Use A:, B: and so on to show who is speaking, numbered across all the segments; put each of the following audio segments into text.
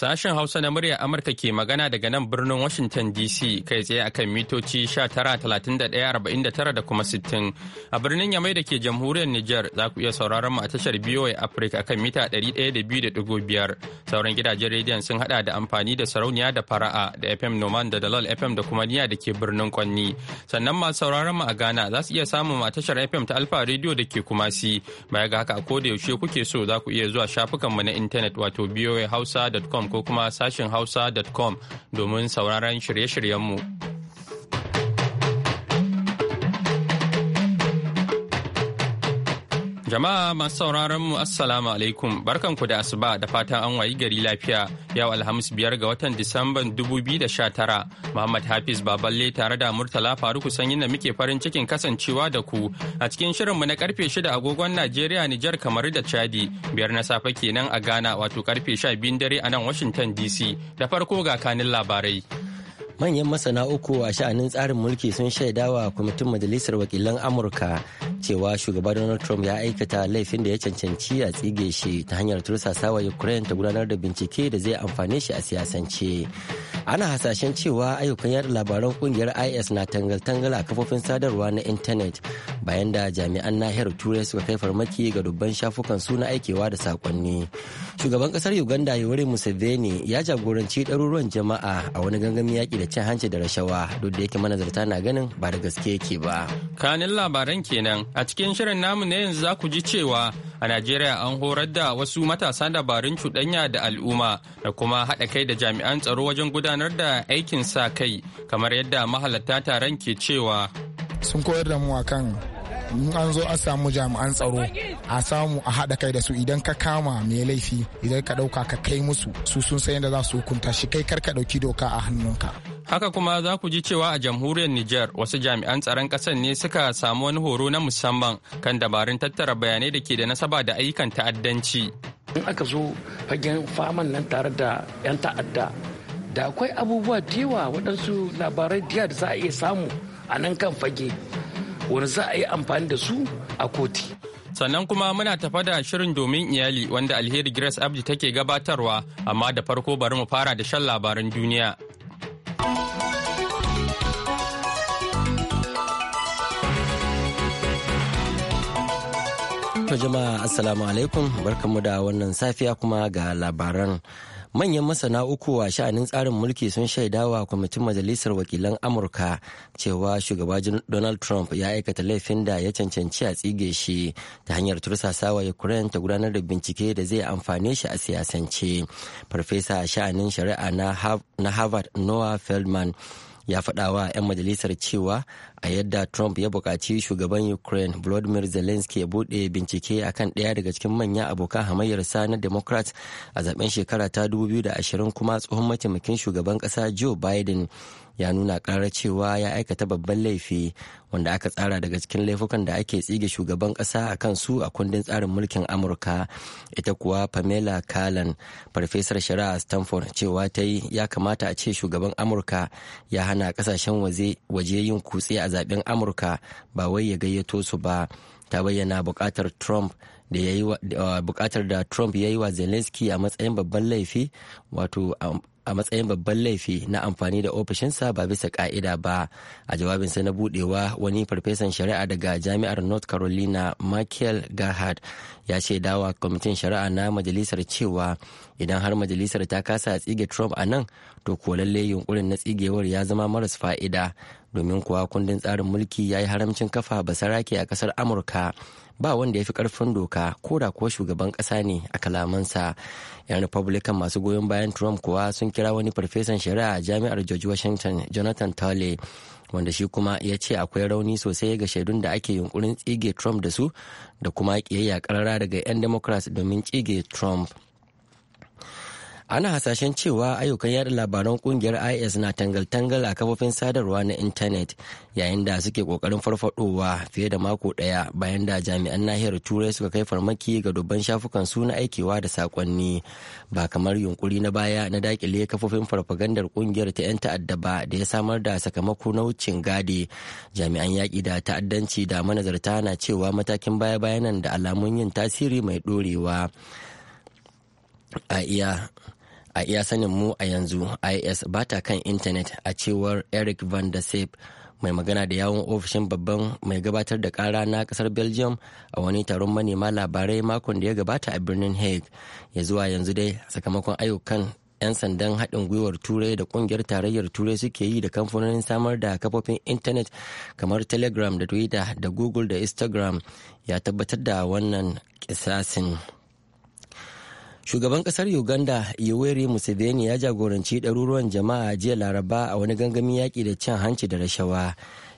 A: Sashen Hausa na muryar Amurka ke magana daga nan birnin Washington DC kai tsaye akan mitoci 19,31,49 da kuma 60. A birnin Yamai da ke jamhuriyar Nijar za ku iya sauraron mu a tashar BOA Afirka akan mita 102.5. Sauran gidajen rediyon sun hada da amfani da sarauniya da fara'a da FM Noman da Dalal FM da kuma niya da ke birnin Kwanni. Sannan masu sauraron mu a Ghana za su iya samun mu a tashar FM ta Alfa Radio da ke Kumasi. Baya ga haka a koda yaushe kuke so za ku iya zuwa shafukanmu na intanet wato Hausa.com ko kuma sashin hausa.com domin sauraron shirye-shiryenmu. Jama'a masu sauraron mu Assalamu alaikum barkanku da asuba da fatan an wayi gari lafiya yau Alhamis biyar ga watan Disamban tara Muhammad Hafiz Baballe tare da Murtala Faruku sanyi da muke farin cikin kasancewa da ku a cikin shirin mu na karfe shida agogon Najeriya Nijar kamar da Chadi biyar na safe kenan a Ghana wato karfe sha 12 dare a nan Washington DC da farko ga kanin labarai.
B: manyan masana uku a sha'anin tsarin mulki sun shaida wa kwamitin majalisar wakilan amurka cewa shugaba donald trump ya aikata laifin da ya cancanci a tsige shi ta hanyar tursasawa ukraine ta gudanar da bincike da zai amfane shi a siyasance ana hasashen cewa ayyukan yada labaran kungiyar is na tangal-tangal a kafofin sadarwa na intanet bayan da jami'an nahiyar turai suka kai farmaki ga dubban shafukan su na aikewa da sakonni shugaban kasar uganda yoweri museveni ya jagoranci ɗaruruwan jama'a a wani gangami yaƙi da cin hanci da rashawa duk da yake manazarta na ganin ba da gaske yake ba.
A: Kanin labaran kenan a cikin shirin namu na yanzu za ku ji cewa a Najeriya an horar da wasu matasa dabarun cuɗanya da al'umma da kuma haɗa kai da jami'an tsaro wajen gudanar da aikin sa kai kamar yadda mahalatta taron ke cewa.
C: Sun koyar da mu akan in an zo an samu jami'an tsaro a samu a haɗa kai da su idan ka kama mai laifi idan ka ɗauka ka kai musu su sun san yadda za su hukunta shi kai kar ka ɗauki doka a hannunka.
A: Haka kuma za ku ji cewa a jamhuriyar Nijar wasu jami'an tsaron ƙasar ne suka samu wani horo na musamman kan dabarun tattara bayanai da ke da nasaba da ayyukan ta'addanci.
D: In aka zo fagen faman nan tare da 'yan ta'adda, da akwai abubuwa da yawa waɗansu labarai da da za a iya samu a nan kan fage, wani za a yi amfani da su a koti.
A: sannan kuma muna tafa da shirin domin iyali wanda alheri grace abdi take gabatarwa amma da farko bari mu fara da shan labaran duniya
B: To jama'a assalamu alaikum barkanmu da wannan safiya kuma ga labaran. Manyan masana uku a sha'anin tsarin mulki sun shaidawa kwamitin majalisar wakilan Amurka cewa shugaba Donald Trump ya aikata laifin da ya cancanci a tsige shi ta hanyar tursasawa Ukraine ta gudanar da bincike da zai amfane shi a siyasance. Farfesa sha'anin shari'a na Harvard Noah Feldman ya faɗa wa 'yan majalisar cewa a yadda trump ya buƙaci shugaban ukraine volodymyr zelensky ya buɗe bincike akan ɗaya daga cikin manyan abokan hamayyarsa na democrat a zaɓen shekara ta 2020 kuma tsohon mataimakin shugaban ƙasa joe biden ya nuna karar cewa ya aikata babban laifi wanda aka tsara daga cikin laifukan da ake tsige shugaban kasa a kan su a kundin tsarin mulkin amurka ita kuwa pamela kalan farfesar shari'a stanford cewa ta yi ya kamata a ce shugaban amurka ya hana kasashen waje yin kutse a zaben amurka ba wai ya gayyato su ba ta bayyana buƙatar trump da ya yi uh, bukatar da Trump ya yi wa Zelensky a matsayin babban laifi wato um, a matsayin babban laifi na amfani da ofishinsa ba bisa ka'ida ba a jawabinsa na budewa wani farfesan shari'a daga jami'ar north carolina michael garhard ya ce dawa kwamitin shari'a na majalisar cewa idan har majalisar ta kasa tsige trump a nan to ko lalle yunkurin na tsigewar ya zama maras fa'ida domin kuwa kundin tsarin mulki ya yi haramcin kafa basarake a kasar amurka ba wanda ya fi karfin doka ko da kuwa shugaban kasa ne a kalamansa yan republican masu goyon bayan trump kuwa sun kira wani farfesan shari'a a jami'ar george washington jonathan tolle wanda shi kuma ya ce akwai rauni sosai ga shaidun da ake yunkurin tsige trump da su da kuma ƙiyayya karara daga 'yan democrats domin tsige trump ana hasashen cewa ayyukan yada labaran kungiyar is na tangal-tangal a kafofin sadarwa na intanet yayin da suke kokarin farfadowa fiye da mako daya bayan da jami'an nahiyar turai suka kai farmaki ga dubban shafukan su na aikewa da sakonni ba kamar yunkuri na baya na dakile kafofin farfagandar kungiyar ta 'yan ta'adda ba da ya samar da sakamako na wucin gadi jami'an yaƙi da ta'addanci da manazarta na cewa matakin baya-bayanan da alamun yin tasiri mai ɗorewa a iya a iya sanin mu a yanzu is ba ta kan intanet a cewar eric van der seep mai magana da yawon ofishin babban mai gabatar da kara na kasar belgium a wani taron manema labarai makon da ya gabata a birnin hague ya zuwa yanzu dai sakamakon ayyukan 'yan sandan haɗin gwiwar turai da ƙungiyar tarayyar turai suke yi da kamfanonin samar da kafofin intanet kamar telegram da twitter da google da instagram ya tabbatar da wannan kisasin. Shugaban kasar Uganda Yoweri Museveni ya jagoranci ɗaruruwan jama'a jiya Laraba a wani gangamin yaƙi da cin hanci da rashawa.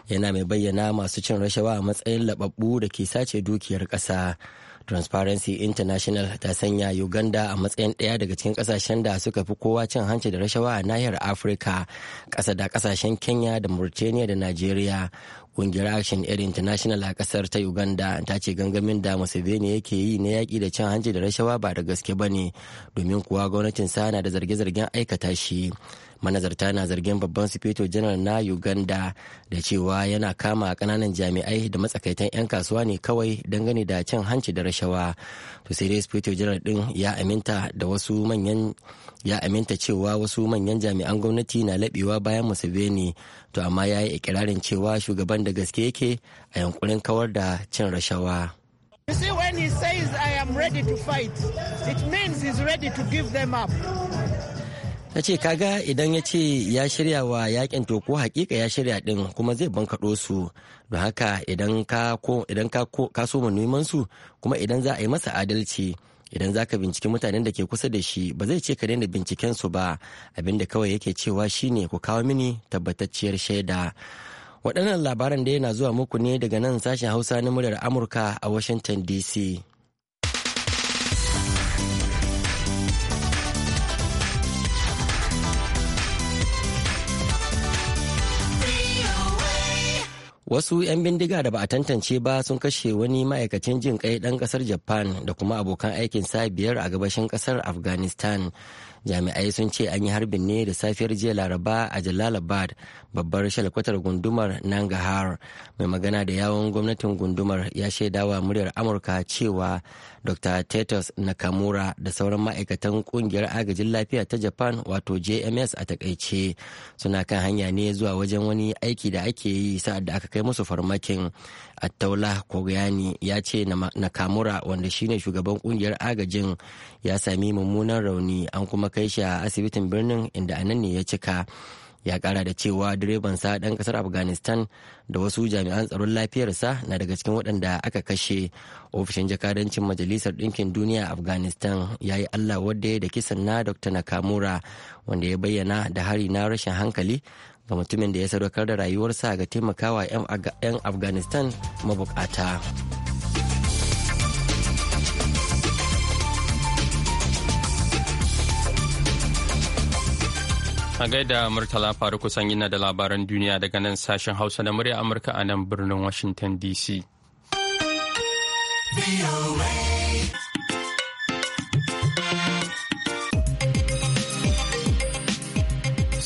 B: Yana mai bayyana masu cin rashawa a matsayin laɓaɓɓu da ke sace dukiyar ƙasa. Transparency International ta sanya Uganda a matsayin ɗaya daga cikin ƙasashen da suka fi kowa cin hanci da rashawa a nahiyar Afirka, ƙasa da ƙasashen Kenya da Mauritania da Najeriya, Kungiyar Action Aid International a kasar ta Uganda ta ce gangamin da Museveni yake yi na yaƙi da cin hanci da rashawa ba da gaske ba ne domin kuwa gwamnatin sana da zarge-zargen aikata shi. manazarta na zargin babban sufeto janar na uganda da cewa yana kama kananan jami'ai da matsakaitan 'yan kasuwa ne kawai dangane da cin hanci da rashawa to sai dai sufeto janar din ya aminta da wasu manyan ya aminta cewa wasu manyan jami'an gwamnati na labewa bayan museveni to amma ya yi ikirarin cewa shugaban da gaske yake a yankurin kawar da cin rashawa.
E: You see, when he says, I am ready to fight, it means he's ready to give them up.
B: ta ce kaga idan ya ce ya shirya wa yakin toko ko hakika ya shirya din kuma zai bankaɗo su don haka idan ka ko idan so neman su kuma idan za a yi masa adalci idan za ka binciki mutanen da ke kusa da shi ba zai ce ka daina binciken su ba abinda kawai yake cewa shine ku kawo mini tabbatacciyar shaida waɗannan labaran da yana zuwa muku ne daga nan sashen hausa na muryar amurka a washington dc Wasu 'yan bindiga da ba a tantance ba sun kashe wani ma'aikacin jin kai ɗan ƙasar Japan da kuma abokan aikin sa biyar a gabashin ƙasar Afghanistan jami'ai sun ce an yi harbin ne da safiyar jiya laraba a jalalabad babbar shalkwatar gundumar nangahar mai magana da yawon gwamnatin gundumar ya shaidawa muryar amurka cewa dr tetos nakamura da sauran ma'aikatan kungiyar agajin lafiya ta japan wato jms a takaice suna kan hanya ne zuwa wajen wani aiki da ake yi sa'ad da aka kai musu farmakin attaula koryani ya ce nakamura wanda shine shugaban kungiyar agajin ya sami mummunan rauni an kuma kai shi a asibitin birnin inda anan ne ya cika ya kara da cewa direban sa ɗan ƙasar afghanistan da wasu jami'an tsaron lafiyarsa na daga cikin waɗanda aka kashe ofishin jakadancin majalisar ɗinkin duniya afghanistan ya yi allah wadda ya da kisan na dr nakamura wanda ya bayyana da hari na rashin hankali ga mutumin da ya sadaukar da rayuwarsa ga taimakawa 'yan afghanistan mabukata
A: a gaida murtala faru kusan yana da labaran duniya daga nan sashen hausa na murya amurka a nan birnin washington dc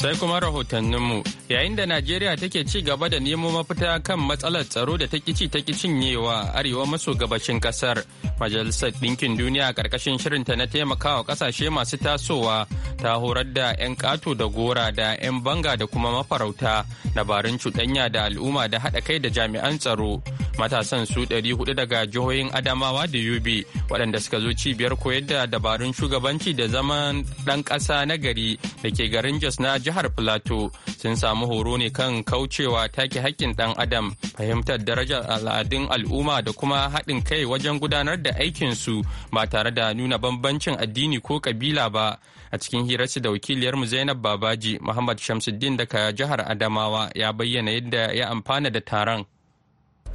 A: sai kuma rahotanninmu yayin da najeriya take ci gaba da nemo mafita kan matsalar tsaro da ta kici ta cinyewa arewa maso gabashin kasar majalisar ɗinkin duniya ƙarƙashin shirinta na taimakawa ƙasashe masu tasowa ta horar da 'yan ƙato da gora da 'yan banga da kuma mafarauta dabarun cuɗanya da al'umma da haɗa kai da jami'an tsaro matasan su 400 daga jihohin adamawa da yobe waɗanda suka zo cibiyar koyar da dabarun shugabanci da zaman ɗan ƙasa na gari da ke garin jos na jihar jihar Plateau sun samu horo ne kan kaucewa take hakkin ɗan adam fahimtar darajar al'adun al'umma da kuma haɗin kai wajen gudanar da aikinsu ba tare da nuna bambancin addini ko ƙabila ba. A cikin hirarsu da wakiliyarmu Zainab Babaji, Muhammad Shamsuddin daga jihar Adamawa ya bayyana yadda ya amfana da taron.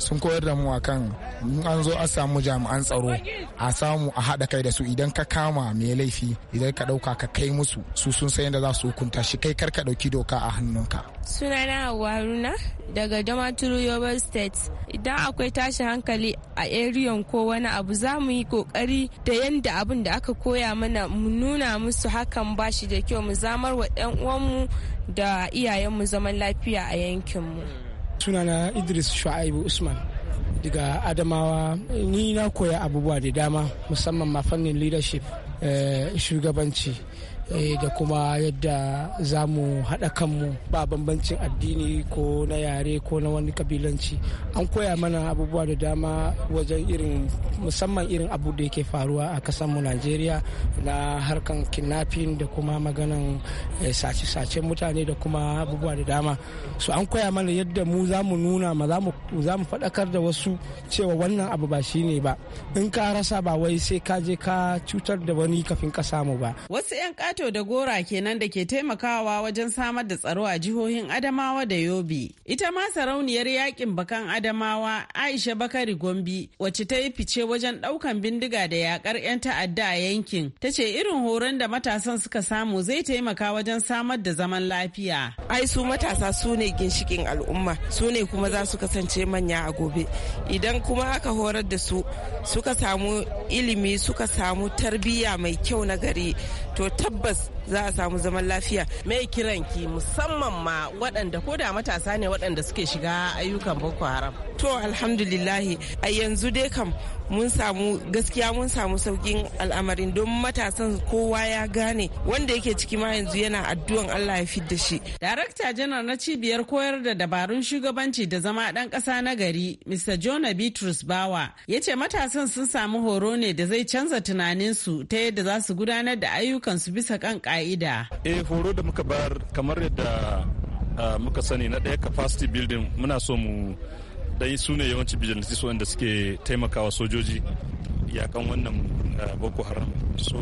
C: sun koyar da mu akan in an zo a samu jami'an tsaro a samu a haɗa kai da su idan ka kama mai laifi idan ka ɗauka ka kai musu su sun san yadda za su hukunta shi kai kar ɗauki doka a hannunka.
E: sunana hawa haruna daga damaturu yobe state idan akwai tashin hankali a eriyon ko wani abu za mu yi kokari da yadda abin da aka koya mana mu nuna musu hakan ba shi da kyau mu zamar wa 'yan uwanmu da iyayenmu zaman lafiya a yankinmu.
C: sunana idris shu'aibu usman daga adamawa ni na koya abubuwa da dama musamman ma fannin leadership eh, shugabanci Eh, da kuma yadda za mu haɗa kanmu ba bambancin addini ko na yare ko na wani kabilanci an koya mana abubuwa da dama wajen irin musamman irin abu da yake faruwa a mu najeriya na harkan kidnapping da kuma maganan eh, sace-sace mutane da kuma abubuwa da dama so an koya mana yadda mu za mu nuna ma za mu faɗakar da wasu cewa wannan abu ba shi ne ba in ka rasa ba wai sai ka je ka cutar da wani kafin ka samu ba
E: wasu 'yan Kato da Gora kenan da ke taimakawa wajen samar da tsaro a jihohin Adamawa da Yobe. Ita ma sarauniyar yakin bakan Adamawa Aisha Bakari Gombi wacce ta yi fice wajen daukan bindiga da yakar 'yan ta'adda a yankin. Ta ce irin horon da matasan suka samu zai taimaka wajen samar da zaman lafiya. Ai su matasa su ne ginshikin al'umma su ne kuma za su kasance manya a gobe. Idan kuma aka horar da su suka samu ilimi suka samu tarbiyya mai kyau na gari to tabbas Yes. za a samu zaman lafiya mai kiranki musamman ma waɗanda ko da matasa ne waɗanda suke shiga ayyukan boko haram to alhamdulillahi a yanzu dai kam mun samu gaskiya mun samu saukin al'amarin don matasan kowa ya gane wanda yake ciki ma yanzu yana addu'an Allah ya fidda shi. Darakta janar na cibiyar koyar da dabarun shugabanci da zama dan ƙasa na gari, Mr. Jona Bitrus Bawa, ya ce matasan sun samu horo ne da zai canza tunaninsu ta yadda za su gudanar da ayyukansu bisa kan ka'ida eh horo
C: da muka bayar kamar yadda muka sani na ɗaya capacity building muna so mu dai su ne yawanci vigilantes wanda suke taimakawa sojoji yakan wannan boko haram so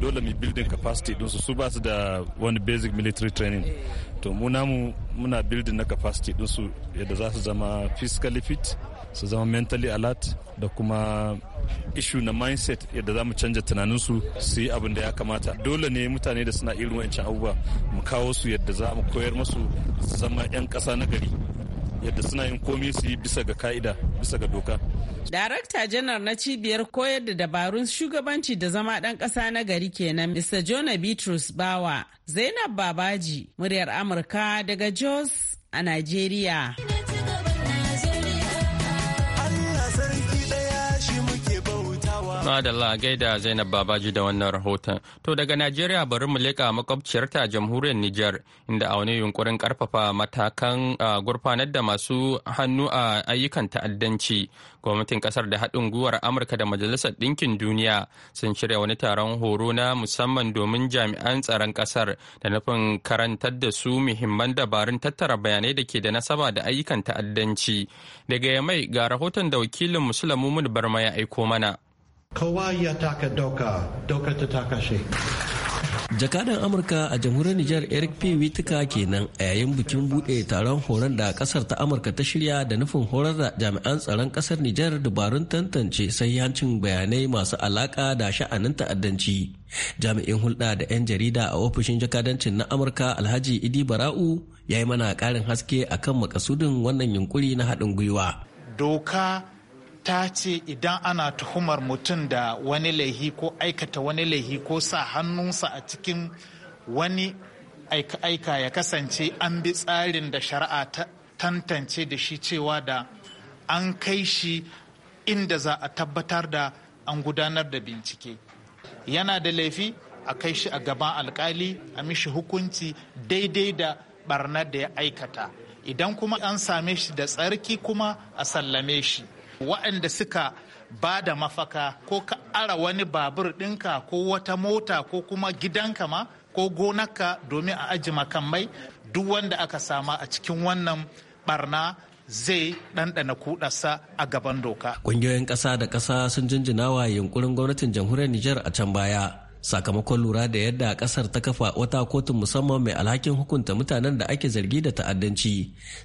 C: dole mu building capacity don su ba su da wani basic military training eh. to mu namu muna building na capacity din su yadda za su zama physically fit su zama mentally alert da kuma issue na mindset yadda za mu canja tunaninsu su yi abin da ya kamata dole ne mutane da suna irin wancan abubuwa mu kawo su yadda za mu koyar masu zama 'yan ƙasa na gari yadda suna yin komi su yi bisa ga ka'ida bisa ga doka.
E: Darakta janar na cibiyar koyar da dabarun shugabanci da zama ɗan ƙasa na gari kenan Mr. Jona Bitrus Bawa, Zainab Babaji, muryar Amurka daga Jos a Najeriya.
A: Madalla gaida Zainab Babaji da wannan rahoton. To daga Najeriya bari mu leƙa makwabciyarta jamhuriyar Nijar inda a wani yunkurin karfafa matakan gurfanar da masu hannu a ayyukan ta'addanci. Gwamnatin ƙasar da haɗin gwiwar Amurka da Majalisar Ɗinkin Duniya sun shirya wani taron horo na musamman domin jami'an tsaron ƙasar da nufin karantar da su muhimman dabarun tattara bayanai da ke da nasaba da ayyukan ta'addanci. Daga Yamai ga rahoton da wakilin Musulamu Barma ya aiko mana. Kowa
F: ya taka doka, doka ta taka shi.
D: Jakadan Amurka a jamhuriyar Nijar Eric P. kenan a yayin bikin buɗe taron horon da ƙasar ta Amurka ta shirya da nufin horar da jami'an tsaron ƙasar Nijar dabarun tantance sayyancin bayanai masu alaƙa da sha'anin ta'addanci. Jami'in hulɗa da 'yan jarida a ofishin jakadancin na Amurka Alhaji Idi Bara'u ya yi mana ƙarin haske akan makasudin wannan yunkuri na haɗin gwiwa.
C: Doka ta ce idan ana tuhumar mutum da wani laihi ko aikata wani laihi ko sa hannunsa a cikin wani aika ya kasance an bi tsarin da shari'a ta tantance da shi cewa da an kai shi inda za a tabbatar da an gudanar da bincike yana da laifi a kai shi a gaban alkali a mishi hukunci daidai da barnar da ya aikata idan kuma an same shi da tsarki kuma a sallame shi waɗanda suka ba da mafaka ko ka ara wani babur ɗinka ko wata mota ko kuma gidanka ma ko gonarka domin a aji makamai duk wanda aka sama a cikin wannan barna zai ɗanɗana kudarsa a gaban doka.
D: Ƙungiyoyin ƙasa da ƙasa sun jinjina wa yunkurin gwamnatin jamhuriyar Nijar a can baya sakamakon lura da yadda kasar ta kafa wata kotun musamman mai alhakin hukunta mutanen da ake zargi da ta'addanci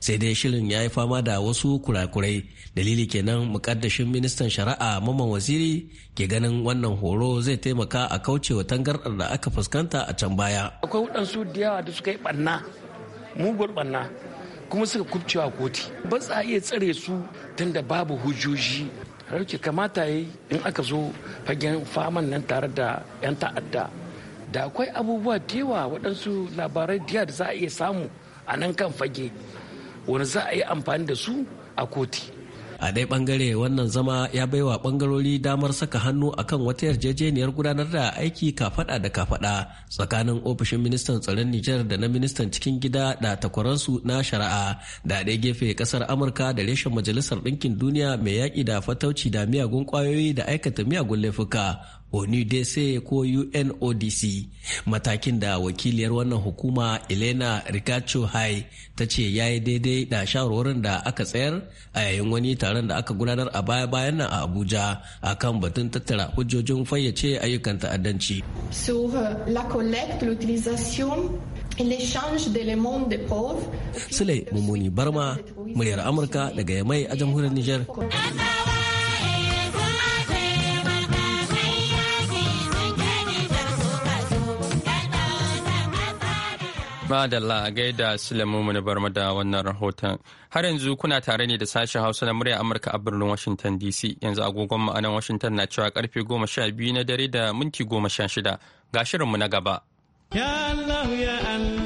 D: sai dai shirin ya yi fama da wasu kurakurai dalili kenan mukaddashin ministan shari'a maman waziri ke ganin wannan horo zai taimaka a kauce wa tangardar da aka fuskanta a can baya akwai waɗansu da yawa da suka yi barna mugun barna kuma suka kubcewa koti ba za a iya tsare su tunda babu hujjoji rauke kamata yi in aka zo fagen faman nan tare da 'yan ta'adda da akwai abubuwa tewa waɗansu labarai diya da za a iya samu a nan kan fage wani za a yi amfani da su a koti a dai bangare wannan zama ya baiwa bangarori damar saka hannu akan wata yarjejeniyar gudanar da aiki kafada da kafada tsakanin ofishin ministan tsaron Nijar da na ministan cikin gida da takwaransu na shari'a da ɗaya gefe kasar Amurka da reshen majalisar ɗinkin duniya mai yaƙi da fatauci da miyagun kwayoyi da aikata miyagun laifuka onidc ko unodc matakin da wakiliyar wannan hukuma elena ricacho hai ta ce ya yi daidai da shawarwarin da aka tsayar a yayin wani taron da aka gudanar a baya-bayan nan a abuja a kan batun tattara hujjojin fayyace ayyukan ta'addanci
G: euh,
D: Sule Mummuni Barma muryar Amurka daga Yamai a jamhuriyar Niger
A: da a gaida silamu mu bar mu da wannan rahoton. Har yanzu kuna tare ne da sashen Hausa na murya Amurka a birnin Washington DC. Yanzu agogon mu anan Washington na cewa karfe goma sha biyu na dare da minti goma sha shida. Ga shirinmu na gaba.
D: Ya Allah ya Allah.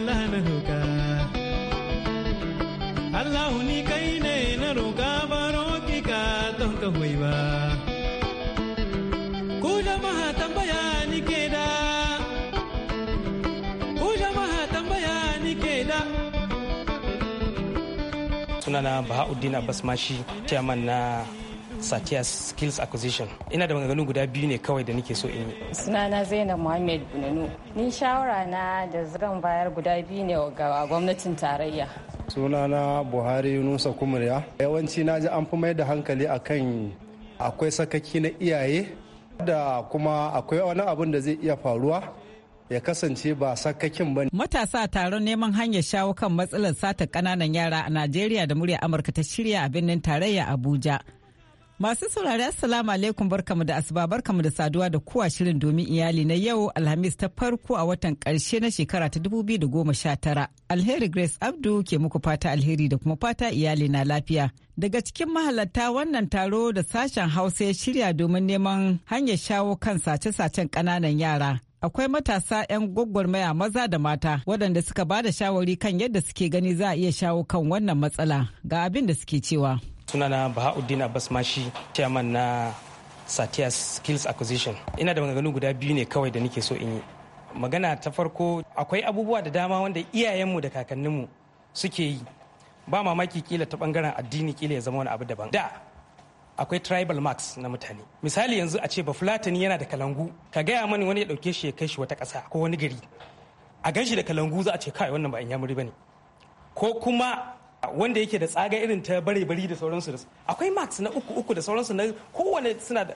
C: sunana bahauddin abbas mashi chairman na Satya Skills Acquisition. Ina da maganganu guda biyu ne
F: kawai da nake so in yi.
G: Sunana Zainab Muhammad Bunanu. Ni shawara na da zan bayar guda biyu ne ga gwamnatin tarayya.
F: Sunana Buhari Yunusa Kumriya. Yawanci na ji an fi mai da hankali akan akwai sakaki na iyaye da kuma akwai wani abin da zai iya faruwa ya kasance ba sakakin ba matasa
H: taron neman hanyar shawo kan matsalar sata kananan yara a najeriya da murya amurka ta shirya a birnin tarayya abuja Masu saurari Assalamu alaikum barkamu da asuba barkamu da saduwa da kuwa shirin domin iyali na yau Alhamis ta farko a watan karshe na shekara ta 2019. Alheri Grace Abdu ke muku fata alheri da kuma fata iyali na lafiya. Daga cikin mahalarta wannan taro da sashen Hausa ya shirya domin neman hanyar shawo kan sace-sacen ƙananan yara. akwai matasa 'yan gwagwarmaya maza da mata waɗanda suka ba da shawari kan yadda suke gani za a iya shawo kan wannan matsala ga abin da suke cewa.
C: Sunana Bahauddin Abbas Mashi, chairman na Satya Skills Acquisition. Ina da maganganu guda biyu ne kawai da nake so in yi. Magana ta farko akwai abubuwa da dama wanda iyayenmu da kakanninmu suke yi. Ba mamaki kila ta bangaren addini kila ya zama wani abu daban. Da akwai tribal marks na mutane misali yanzu a ce ba fulatani yana da kalangu ka gaya mani wani ya dauke shi ya kai shi wata ƙasa ko wani gari a gan da kalangu za a ce kai wannan ba in yamuri bane ko kuma wanda yake da tsaga irin ta bare bari da sauransu da akwai marks na uku uku da sauransu na kowane suna da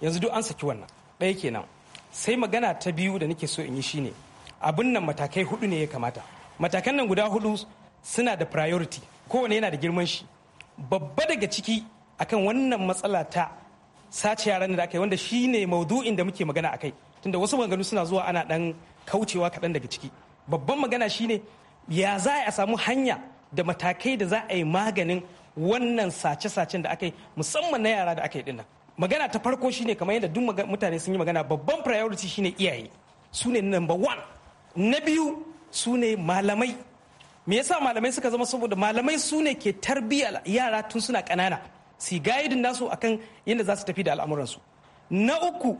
C: yanzu duk an saki wannan ɗaya kenan sai magana ta biyu da nake so in yi shine abin nan matakai hudu ne ya kamata matakan nan guda hudu suna da priority kowane yana da girman shi babba daga ciki akan wannan matsala ta sace yaran da aka yi wanda shine maudu'in da muke magana akai tunda wasu maganganu suna zuwa ana dan kaucewa kaɗan daga ciki babban magana shine ya za a samu hanya da matakai da za a yi maganin wannan sace-sacen da aka yi musamman na yara da aka yi dinnan magana ta farko shine kamar yadda duk mutane sun yi magana babban priority shine iyaye su ne number one na biyu su ne malamai me yasa malamai suka zama saboda malamai su ne ke tarbiyyar yara tun suna kanana. su yi nasu akan yadda za su tafi da al'amuransu na uku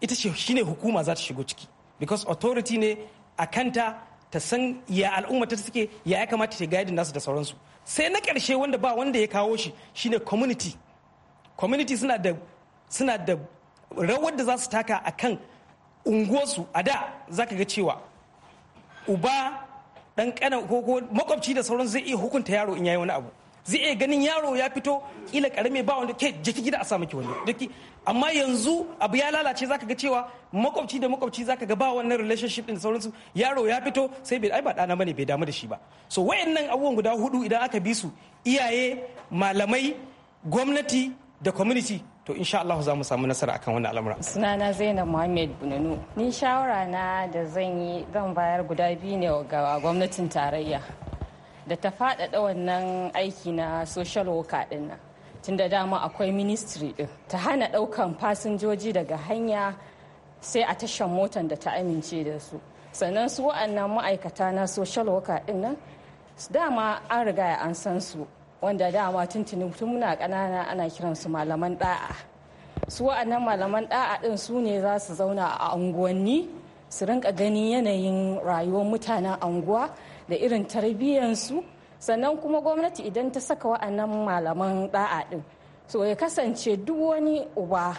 C: ita ce shine hukuma za ta shigo ciki because authority ne a kanta ta san ya al'umma ta suke ya ya kamata ta gaidin nasu da sauransu sai na karshe wanda ba wanda ya kawo shi shine community community suna da da rawar da za su taka a kan unguwarsu a da za ka ga cewa uba dan kana ko makwabci da sauran zai iya hukunta yaro in yayi wani abu zai iya ganin yaro ya fito kila karami ba wanda ke jiki gida a sa miki wani daki amma yanzu abu ya lalace zaka ga cewa makwabci da makwabci zaka ga ba wannan relationship din sauransu yaro ya fito sai bai ai ba dana bane bai damu da shi ba so wayannan abubuwan guda hudu idan aka bi su iyaye malamai gwamnati da community to insha Allah za mu samu nasara akan wannan al'amura.
G: Sunana Zainab Muhammad Bununu. Ni shawara na da zan yi zan bayar guda biyu ne ga gwamnatin tarayya. da ta faɗaɗa wannan aiki na social worker ɗin nan tun da dama akwai ministry ɗin ta hana ɗaukan fasinjoji daga hanya sai a tashan motan da ta amince da su sannan su wa'annan ma'aikata na social worker ɗin nan dama an riga an san su wanda dama tuntuni tun muna ƙanana ana kiransu malaman ɗa'a su wa'annan malaman ɗa'a ɗin su ne za su zauna a unguwanni su rinka ganin yanayin rayuwar mutanen anguwa da irin tarbiyyansu sannan kuma gwamnati idan ta saka wa'annan malaman da'a din so ya kasance duk wani uba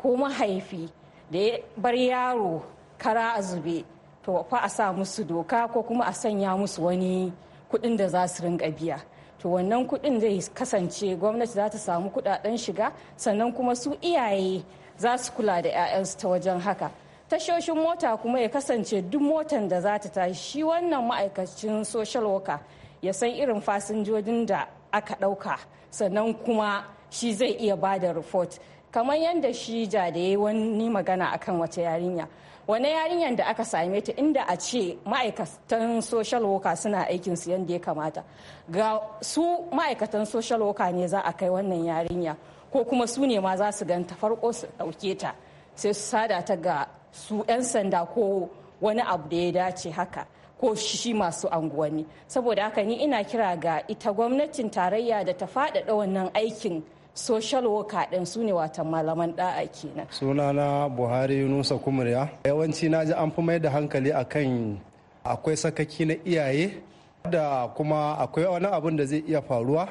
G: ko mahaifi da ya bar yaro kara a zube to fa a sa musu doka ko kuma a sanya musu wani kuɗin da za su rinka biya to wannan kuɗin zai kasance gwamnati za ta samu kuɗaɗen shiga sannan kuma su iyaye za su kula da 'ya'yansu ta wajen haka tashoshin mota kuma ya kasance duk motan da za ta tashi shi wannan ma'aikacin social worker ya san irin fasinjojin da aka ɗauka sannan kuma shi zai iya ba da report kamar yadda shi ja da ya wani magana akan wata yarinya wani yarinyar da aka same ta inda a ce ma'aikatan social worker suna aikinsu yadda ya kamata ga su ma'aikatan social worker ne za a kai wannan yarinya ko kuma su ne ma za su ganta farko su ɗauke ta sai su sada ta ga su 'yan sanda ko wani abu da ya dace haka ko shi masu anguwanni saboda haka ni ina kira ga ita gwamnatin tarayya da ta faɗaɗa wannan aikin social worker ɗin su ne watan malaman ɗa'a kenan
F: sunana buhari Nusa, kumriya yawanci na ji an fi mai da hankali akan akwai sakaki na iyaye da kuma akwai wani abin da zai iya faruwa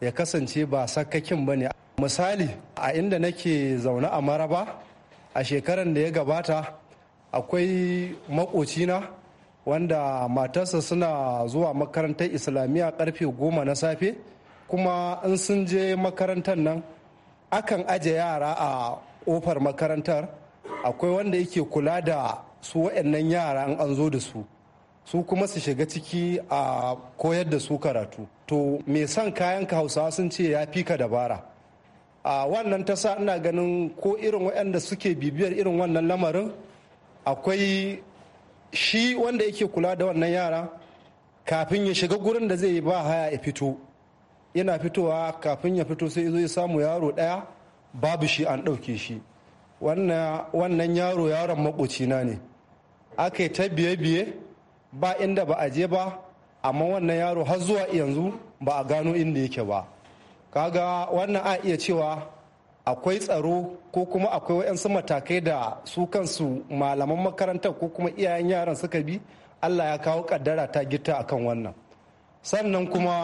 F: ya kasance ba sakakin ba ne misali a inda nake zaune a maraba a shekaran da ya gabata akwai makocina wanda matarsa suna zuwa makarantar islamiyya karfe goma na safe kuma in sun je makarantar nan akan aje yara a kofar makarantar akwai wanda yake kula da su waɗannan yara an zo da su su kuma su shiga ciki a koyar da su karatu to me son kayan ka hausawa sun ce ya fi ka dabara a wannan tasa ina ganin ko irin waɗanda suke bibiyar irin wannan lamarin akwai shi wanda yake kula da wannan yara kafin ya shiga gurin da zai ba haya ya fito yana fitowa kafin ya fito sai ya samu yaro ɗaya babu shi an ɗauke shi wannan yaro yaron makocina ne aka yi ta biye-biye ba inda ba a je ba amma wannan yaro har zuwa yanzu ba a gano inda yake ba kaga wannan an iya cewa akwai tsaro ko kuma akwai waɗansu matakai da su kansu malaman makarantar ko kuma iyayen yaran suka bi allah ya kawo kaddara ta gita akan wannan sannan kuma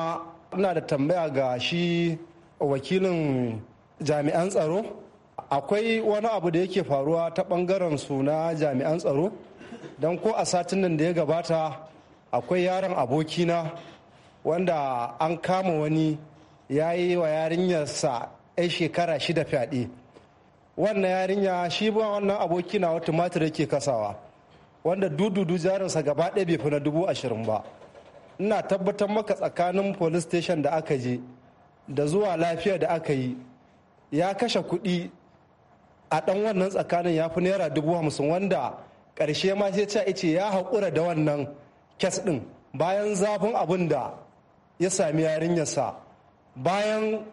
F: ina da tambaya ga shi wakilin jami'an tsaro akwai wani abu da yake faruwa ta bangaren su na jami'an tsaro don ko a satin nan da ya gabata akwai yaron abokina wanda an kama wani ya yi wa yarinyarsa 'yan shekara shida fyaɗe wannan yarinya shi ba wannan aboki na tumatir yake kasawa wanda dududu jarinsa gaba ɗaya bai fi na dubu ashirin ba ina tabbatar maka tsakanin police station da aka je da zuwa lafiya da aka yi ya kashe kuɗi a ɗan wannan tsakanin ya fi naira dubu hamsin wanda ƙarshe ma sai ce ice ya haƙura da wannan kes ɗin bayan zafin abin da ya sami yarinyarsa bayan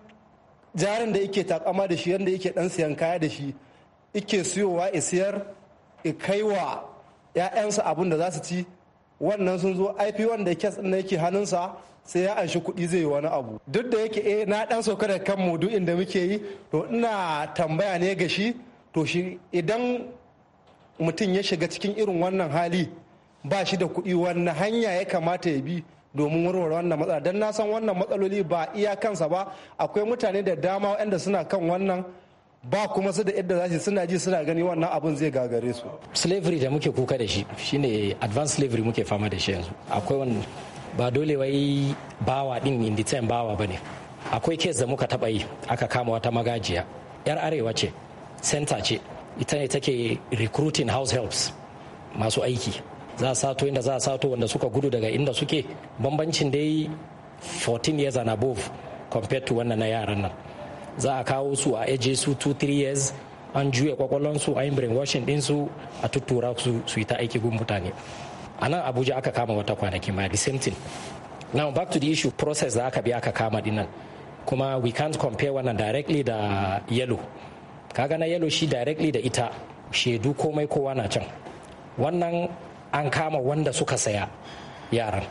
F: jarin da yake takama da shi yadda yake dan siyan kaya da shi yake siyowa ya siyar ya kai wa 'ya'yansa abin da za su ci wannan sun zo ip wanda kes ɗin yake hannunsa sai ya anshi kuɗi zai yi wani abu duk da yake eh na dan sauka da kan mudu inda muke yi to ina tambaya ne ga shi to shi idan mutum ya shiga cikin irin wannan hali ba shi da kuɗi wannan hanya ya kamata ya bi domin warware wannan matsala don na san wannan matsaloli ba iya kansa ba akwai mutane da dama waɗanda suna kan wannan ba kuma su da yadda za su suna ji suna gani wannan abin zai gagare su slavery da muke kuka
I: da shi shine advanced slavery muke fama da shi yanzu akwai wani ba dole wai bawa din in the time bawa ne akwai kes da muka taba yi aka kama wata magajiya yar arewa ce center ce ita ne take recruiting house helps masu aiki za a sato inda za a sato wanda suka gudu daga inda suke bambancin dai 14 years and above compared to wannan na yaran nan za a kawo su a aje su 2-3 years an juya kwakwalonsu an brainwashing ɗinsu a tuttura su su yi ta aiki gun mutane a nan abuja aka kama wata kwanaki ma the same thing now back to the issue process da aka bi aka kama dinan kuma we can't compare wannan directly da yellow kaga na yellow shi directly da ita shaidu komai kowa na can wannan an kama wanda suka saya yaran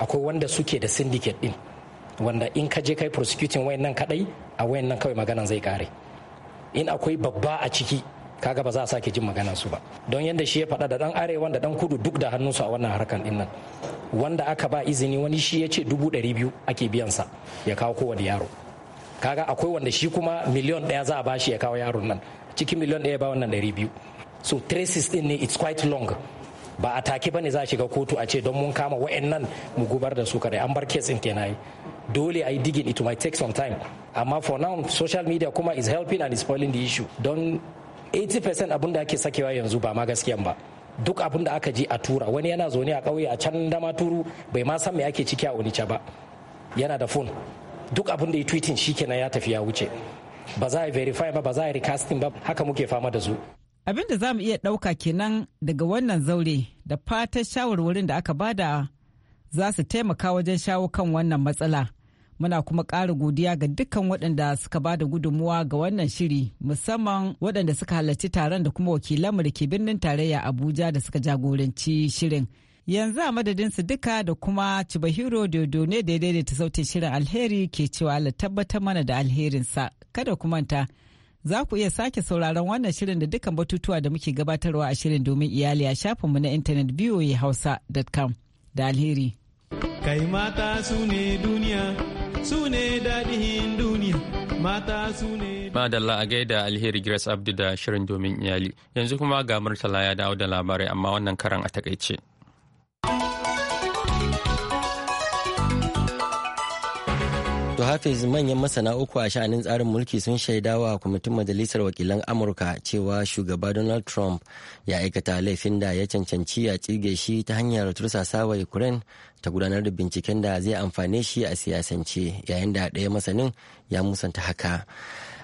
I: akwai wanda suke da syndicate din wanda in ka je kai prosecuting nan kadai a wayan nan kawai maganan zai kare in akwai babba a ciki kaga ba za a sake jin maganan su ba don yadda shi ya faɗa da dan arewa da dan kudu duk da hannunsu a wannan harkan din nan wanda aka ba izini wani shi ya ce dubu ɗari biyu ake sa ya kawo kowane yaro kaga akwai wanda shi kuma miliyon ɗaya za a ba shi ya kawo yaron nan cikin miliyon ɗaya ba wannan ɗari biyu so traces din ne it's quite long ba a take bane za a shiga kotu a ce don mun kama wa'annan mu gubar da su kare an bar kes in kenan dole a yi digin it might take some time amma for now social media kuma is helping and is spoiling the issue don 80% abun da ake sakewa yanzu ba ma gaskiyan ba duk abin da aka ji a tura wani yana zaune a kauye a can dama turu bai ma san me ake ciki a onitsha ba yana da phone duk abin da ya tweeting shikenan ya tafi ya wuce ba za a verify ba ba za a recasting ba haka muke fama da su
H: Abin da za mu iya ɗauka kenan daga wannan zaure da fatan shawarwarin da aka bada za su taimaka wajen shawo kan wannan matsala. Muna kuma ƙara godiya ga dukkan waɗanda suka ba da gudunmuwa ga wannan shiri musamman waɗanda suka halarci taron da kuma wakilanmu da ke birnin tarayya Abuja da suka jagoranci shirin. Yanzu a madadinsu duka da kuma Cibahiro Dodo ne da ya daidaita sautin shirin alheri ke cewa Allah tabbatar mana da alherinsa. Kada ku manta. Za ku iya sake sauraron wannan shirin da dukkan batutuwa da muke gabatarwa a shirin domin iyali a shafinmu na intanet voahausa.com da alheri.
C: Kai mata su ne duniya, su ne daɗin duniya, mata su ne...
A: Madalla a gaida alheri Grace Abdu da shirin domin iyali. Yanzu kuma ga Murtala ya dawo da labarai amma wannan karan a takaice.
B: Hafiz manyan masana uku a sha'anin tsarin mulki sun shaidawa kwamitin majalisar wakilan Amurka cewa shugaba Donald Trump ya aikata laifin da ya cancanci ya tsige shi ta hanyar tursasawa Ukraine ta gudanar da binciken da zai amfane shi a siyasance yayin da ɗaya masanin ya musanta haka.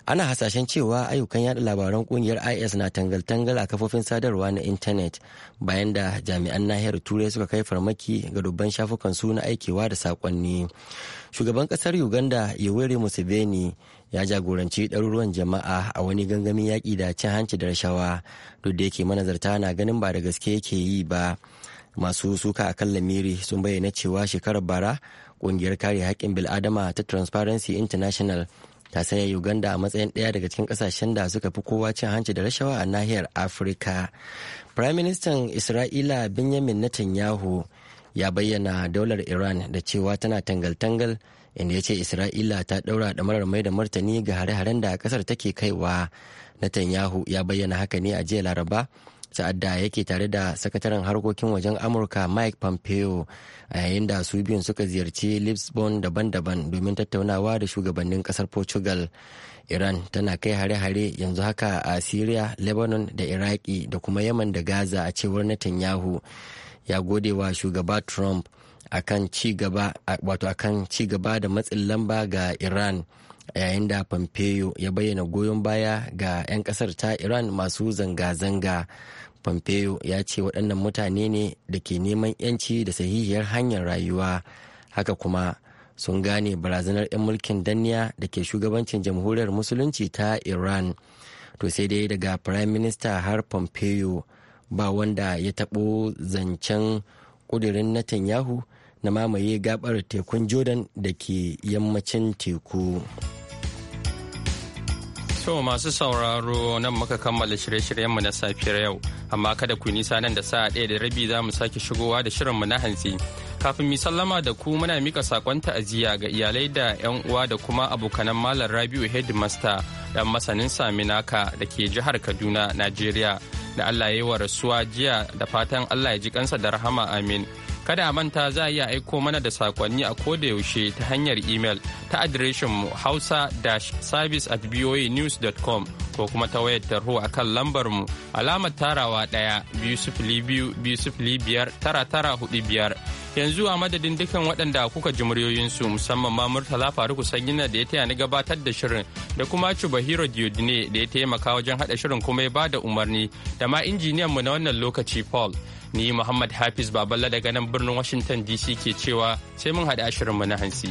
B: ana hasashen cewa ayyukan yada labaran kungiyar is na tangal-tangal a kafofin sadarwa na intanet bayan da jami'an nahiyar turai suka kai farmaki ga dubban shafukan su na aikewa da sakonni shugaban kasar uganda yoweri museveni ya jagoranci ɗaruruwan jama'a a wani gangamin yaƙi da cin hanci da rashawa duk da yake manazarta na ganin ba da gaske yake yi ba masu suka a kan lamiri sun bayyana cewa shekarar bara ƙungiyar kare haƙƙin bil'adama ta transparency international ta saya uganda a matsayin ɗaya daga cikin ƙasashen da suka fi kowa cin hanci da rashawa a nahiyar afirka prime ministan isra'ila benjamin netanyahu ya bayyana daular iran da cewa tana tangal-tangal inda ya ce isra'ila ta daura marar mai da martani ga hare-haren da kasar take kaiwa netanyahu ya bayyana haka ne a jiya laraba sa'adda yake tare da sakataren harkokin wajen amurka mike pompeo a yayin da su biyun suka ziyarci lisbon daban-daban domin tattaunawa da shugabannin kasar portugal iran tana kai hare-hare yanzu haka a syria lebanon da iraki da kuma yaman da gaza a cewar netanyahu ya gode wa shugaba trump akan ci gaba ci da matsin lamba ga iran yayin da pompeo ya bayyana goyon baya ga 'yan kasar ta iran masu zanga-zanga pompeo ya ce waɗannan mutane ne da ke neman 'yanci da sahihiyar hanyar rayuwa haka kuma sun gane barazanar 'yan mulkin danniya da ke shugabancin jamhuriyar musulunci ta iran to sai dai daga prime minister har pompeo ba wanda ya taɓo zancen ƙudurin Netanyahu na mamaye gabar tekun Jordan da ke yammacin teku.
A: To masu sauraro nan muka kammala shirye-shiryenmu na safiyar yau, amma kada ku nisa nan da sa ɗaya da rabi za mu sake shigowa da shirinmu na hantsi. kafin mi sallama da ku muna mika sakon ta'aziyya ga iyalai da 'yan uwa da kuma abokanan malam rabiu headmaster dan masanin saminaka da ke jihar kaduna najeriya da allah ya yi wa rasuwa jiya da fatan allah ya ji kansa da rahama amin kada a manta za a iya aiko mana da sakonni a koda yaushe ta hanyar imel ta adireshin mu hausa-service at com ko kuma ta wayar tarho a kan lambar mu alamar tarawa ɗaya biyu sifili biyu biyu biyar tara tara hudu biyar yanzu a madadin dukkan waɗanda kuka ji muryoyinsu musamman ma murtala faruku sanyina da ya taya ni gabatar da shirin da kuma hero diodine da ya taimaka wajen haɗa shirin kuma ya bada umarni da ma injiniyan mu na wannan lokaci paul ni muhammad hafiz baballa daga nan birnin washington dc ke cewa sai mun haɗa shirin mu na hansi.